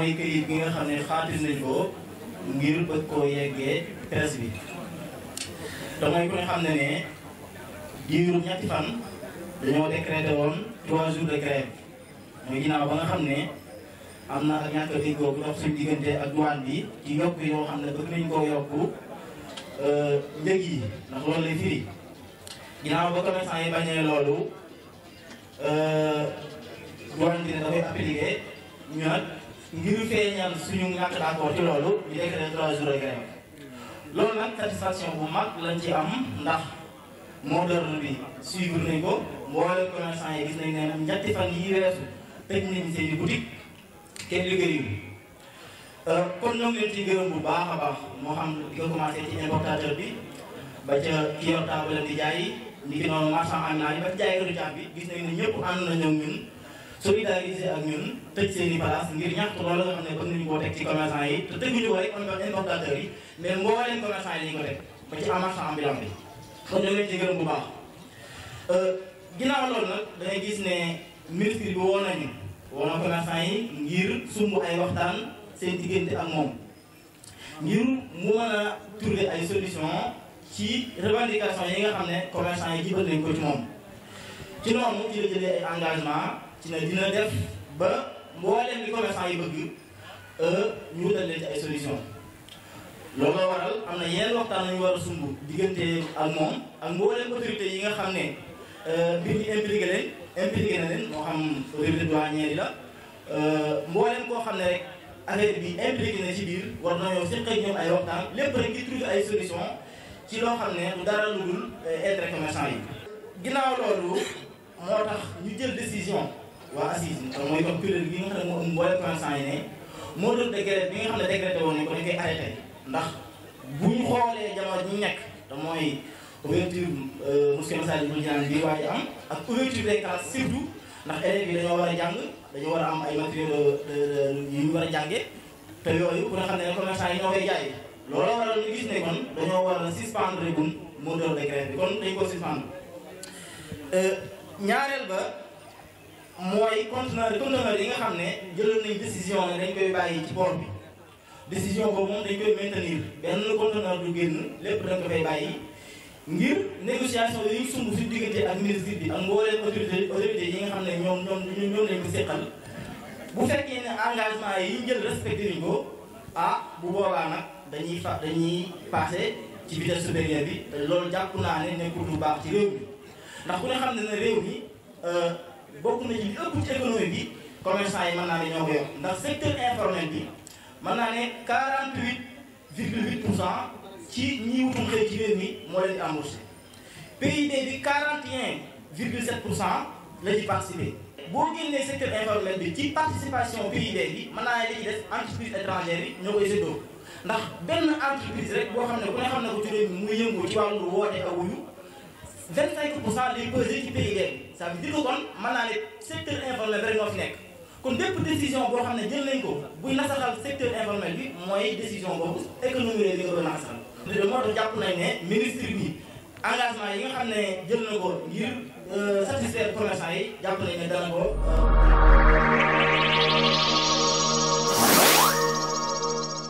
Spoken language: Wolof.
mooy këyit gi nga xam ne xaatim nañ ko ngir bëgg koo yeggee presse bi te mooy xam ne ne diirum ñetti fan dañoo décrété woon trois jours de grève mooy ginnaaw ba nga xam ne am na ak ñàkk a bu dox suñu diggante ak douane bi ci yokk yoo xam ne bëgg nañ koo yokk euh, njëg yi ndax loolu lay firi ginnaaw ba commerçant yi bañee euh, ñu nag ngir feeñal suñu ñàkk d'accord ci loolu ñu décrété trois jours de grève loolu nag satisfaction bu mag lañ ci am ndax mot d'ordre bi suivre nañ ko mboolem commerçant yi gis nañ ne ñetti fan yi weesu tëj nañ seen i boutique kenn liggéeyul euh, kon ñoo ngi leen ci gërëm bu baax baax moo xam di nga commencé ci importateur bi ba ca ki yor table di jaay yi ndi ki noonu marchand ambulant yi ba ci jaaykatu caaf bi gis nañ ne ñëpp ànd nañoo ñun solidarisé ak ñun tëj seen i place ngir ñaxtu loolu nga xam ne bëgg nañu koo teg ci commerçant yi te teguñu ko rek on importateurs yi mais mbooleem commerçant yi dañu ko teg ba ci marchand ambulant bi kon ñoo leen ci gërëm bu baax euh, ginnaaw loolu nag dangay gis ne ministre bi woo nañu woo na commerçant yi ngir sumb ay waxtaan seen diggante ak moom ngir mu mën a trouver ay solution ci revendication yi nga xam ne commerçant yi jibal nañ ko ci moom ci noonu ci la jëlee ay engagement ci ne dina def ba mbooleem li commerçant yi bëgg euh, ñu wutal leen ci ay solution loolu la waral am na yeneen waxtaan nañu war a sumb diggante ak moom ak mbooleem autorité yi nga xam ne euh, mbir mi impliqué leen impliqué na leen moo xam autorité douanière yi la euh, mbooleem koo xam ne rek affaire bi impliqué biir war nañoo seq ak ñoom ay waxtaan lépp rek di trouver ay solution ci loo xam ne du dara lu dul intérêt yi ginnaaw loolu moo tax ñu jël décision waa assise bi mooy comme kuréel moo ëmb mboolem commerçant ne moo doon décret bi nga xam ne décrété woon nañ ko dañ koy arrêté ndax bu ñu xoolee jamono ñu nekk te mooy ouverture euh, mosquée Massalik bu Jinaan bi waaj am ak ouverture des classes ndax élèves yi dañoo a jàng dañoo war am ay matériel yu ñu war a jànge te yooyu ku ne xam ne commerçant yi ñoo koy jaay looloo a ñu gis ne kon dañoo war a suspendre gun moo doon décret bi kon dañ ko suspendre euh, ñaareel ba mooy conteneur conteneur yi nga xam ne jëloon nañ décision ne dañ koy bàyyi ci port bi décision boobu moom dañ koy maintenir benn conteneur du génn lépp dañ ko fay bàyyi ngir négociation yi sumb suñu diggante bi ak mbooleem autorité autorité nga xam ne ñoom ñoom ñoom lañ ñu seqal bu fekkee ne engagement yi ñu jël respecté nañ ko ah bu boobaa nag dañuy fa dañuy passé ci vitesse supérieure bi te loolu jàpp naa ne nekkul lu baax ci réew mi ndax ku ne xam ne ne réew mi euh, bokk na ci li ëpp ci économie bi commerçant yi man naa ne ñoo ko yor ndax secteur informel bi mën naa ne 48 virgule 8 pour cent ci ñi wutum xëy ci réew mi moo leen di embauché PIB bi 41 virgule 7 pour cent la ci participé. boo génnee secteur informel bi ci participation PIB bi mën naa ne li ci des entreprise étrangère yi ñoo koy ndax benn entreprise rek boo xam ne ku ne xam ne ko ci réew mi muy yëngu ci wàllu woote ak wuyu ça bi dire que kon mën naa ne secteur informel bi moo fi nekk kon bépp décision boo xam ne jël nañ ko buy nasaxal secteur informel bi mooy décision boobu économie li nga doon nasaxal. léegi moo tax jàpp nañ ne ministre bi engagement yi nga xam ne jël na ko ngir euh, satisfaire commerçant yi jàpp nañ ne dana ko. Euh,